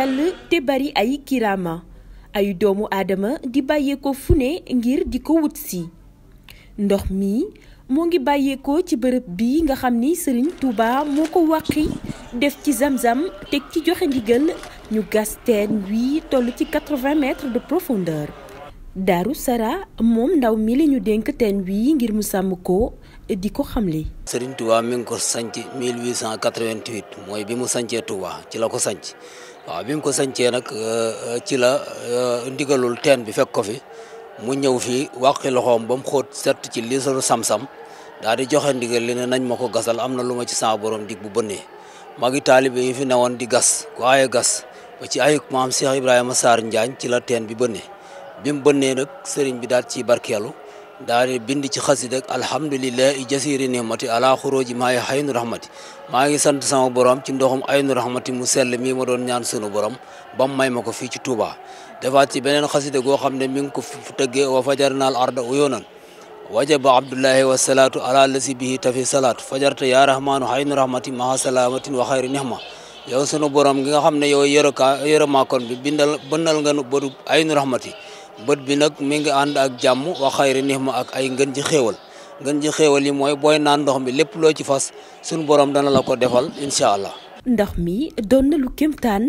sell te bari ay kiraama ay doomu aadama di bàyyeekoo fu ne ngir di ko wut si ndox mi moo ngi bàyyeekoo ci bërëb bi nga xam ni Serigne Touba moo ko wàqi def ci samsam zam teg ci joxe ndigal ñu gas teen wi toll ci 80 mètres de profondeur Daaru Sara moom ndaw mi la ñu dénk teen wi ngir mu sàmm ko di ko xamle. Serigne Touba mi ngi ko sanc 1888 mooy bi mu sancee Touba ci la ko sanc waaw bi mu ko sañcee nag euh, euh, ci la euh, ndigalul teen bi fekk ko fi mu ñëw fii wàqi loxoom ba mu xóot sett ci liisaru sam-sam daal di joxe ndigal li ne nañ ma ko gasal am na lu ma ci sama borom dig bu bënnee magi taalibe yi fi newoon di gas ku aaye gas ba ci ayuk maam Cheikh Ibrahima Sarr Njaañ ci la teen bi bënnee bi mu bënnee nag sëriñ bi daal ci barkeelu daal di bind ci xasida ak alhamdulilahi jasiri nimati ala xuróoji maa yi xaynu rahmati maa ngi sant sama borom ci ndoxum aynu rahmati mu sell mi ma doon ñaan sunu borom ba mu may ma ko fii ci Touba defaat ci beneen xasida goo xam ne mi ngi ko tëggee wa fajarnaal arda uyoonan wajaba abdullahi wa salaatu ala lasi bihi tafi salaatu fajarta yaa rahmaanu xaynu rahmati maha salaamatin wa xayri nihma yow sunu borom gi nga xam ne yow yërëka ma bi bindal bënnal nga nu bëdu aynu rahmati bët bi nag mi ngi ànd ak jàmm wa xayri nix ma ak ay ngën ji xéewal ngën ji xéewal yi mooy booy naan ndox mi lépp loo ci fas suñu boroom dana la ko defal incha allah. ndax mi doon na lu kéemtaan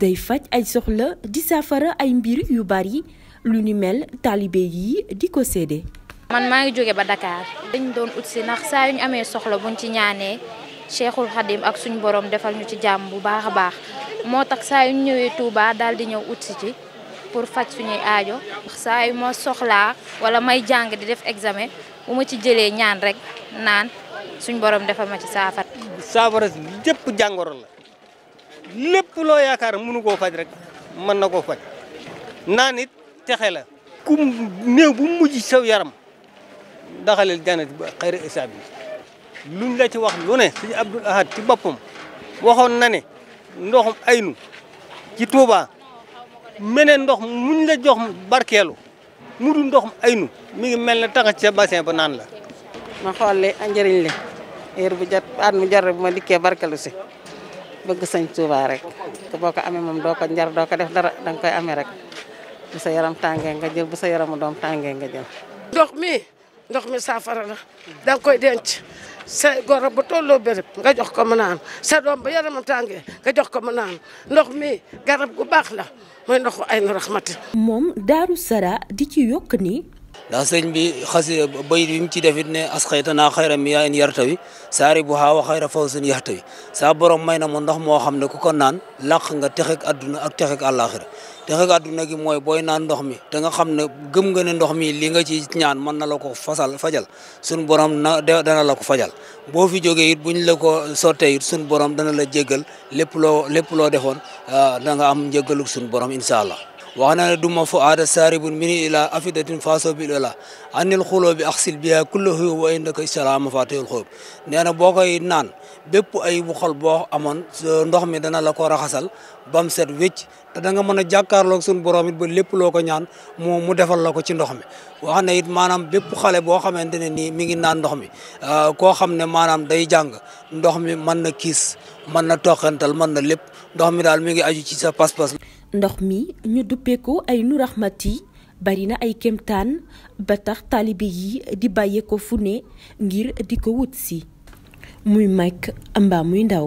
day faj ay soxla di saafara ay mbir yu bari lu ni mel taalibe yi di ko séede. man maa ngi jóge ba dakaar dañ doon ut si ndax saa yu ñu amee soxla buñ ci ñaanee Cheikhul Khadim ak suñu boroom defal ñu ci jàmm bu baax a baax moo tax saa yu ñu ñëwee Touba daal di ñëw ut si ci. pour faj suñuy aajo saa yu ma soxla wala may jàng di def examen bu ma ci jëlee ñaan rek naan suñ borom defal ma ci saafara. saafara lépp jàngoro la lépp loo yaakaar mënu koo faj rek mën na koo faj naan it texe la. ku néew bu mujj saw yaram daxaleel jannat ba xayri isaab yi luñ la ci wax lu ne sëñ Abdul Ahad ci boppam waxoon na ne ndoxum aynu ci Touba. meneen ndox mu muñ la jox barkeelu mu dul ndox ay nu mu ngi mel na ne ci ca basin bu naan la. ma xoolee njëriñ li heure bu jot at mu jot bu ma dikkee barkeelu si bëgg sañ Tuuba rek te boo ko amee moom doo ko njar doo ko def dara danga koy amee rek sa yaram tàngee nga jël bu sa yaramu doom tàngee nga jël. ndox mi ndox mi saafara la danga koy denc. sa goro bu tolloo béréb nga jox ko mu naan sa doom ba yaramam tàngee nga jox ko mu naan ndox mi garab gu baax la mooy ndoxu ay nu raxmati moom Daaru Sara di ci yokk ni ndax sëñ bi xasi bayit bi mu ci defit ne asxaytanaa xayra mi yaa in yartawi saari bu xaawa xayra faw seen yartawi saa borom may na mu ndox moo xam ne ko ko naan làq nga texek adduna ak texek àllaaxira texek adduna gi mooy booy naan ndox mi te nga xam ne gëm nga ne ndox mi li nga ci ñaan mën na la ko fasal fajal sun borom na dana la ko fajal boo fi jógee it buñ la ko sottee it sun borom dana la jéggal lépp loo lépp loo defoon ah, da nga am njëggaluk sun borom incha allah وأنا أدم فؤاد سارب مني إلى أفدة فاسو بالولا عن الخلو بأغسل بها كله وإنك إسلام مفاتيح الخوب nee na boo koy naan bépp ay bu boo amoon ndox mi dana la ko raxasal bam set wécc te da nga mën a jàkkaarloog suñu borom it ba lépp loo ko ñaan mu mu defal la ko ci ndox mi wax ne it maanaam bépp xale boo xamante ne nii mi ngi naan ndox mi koo xam ne maanaam day jàng ndox mi mën na kiis mën na toqantal mën na lépp ndox mi daal mi ngi aju ci sa pas-pas ndox mi ñu duppee ko ay nu raxmati barina ay kemtaan ba tax taalibe yi di bàyyee ko fu ne ngir di ko wut si muy mag mbaa muy ndaw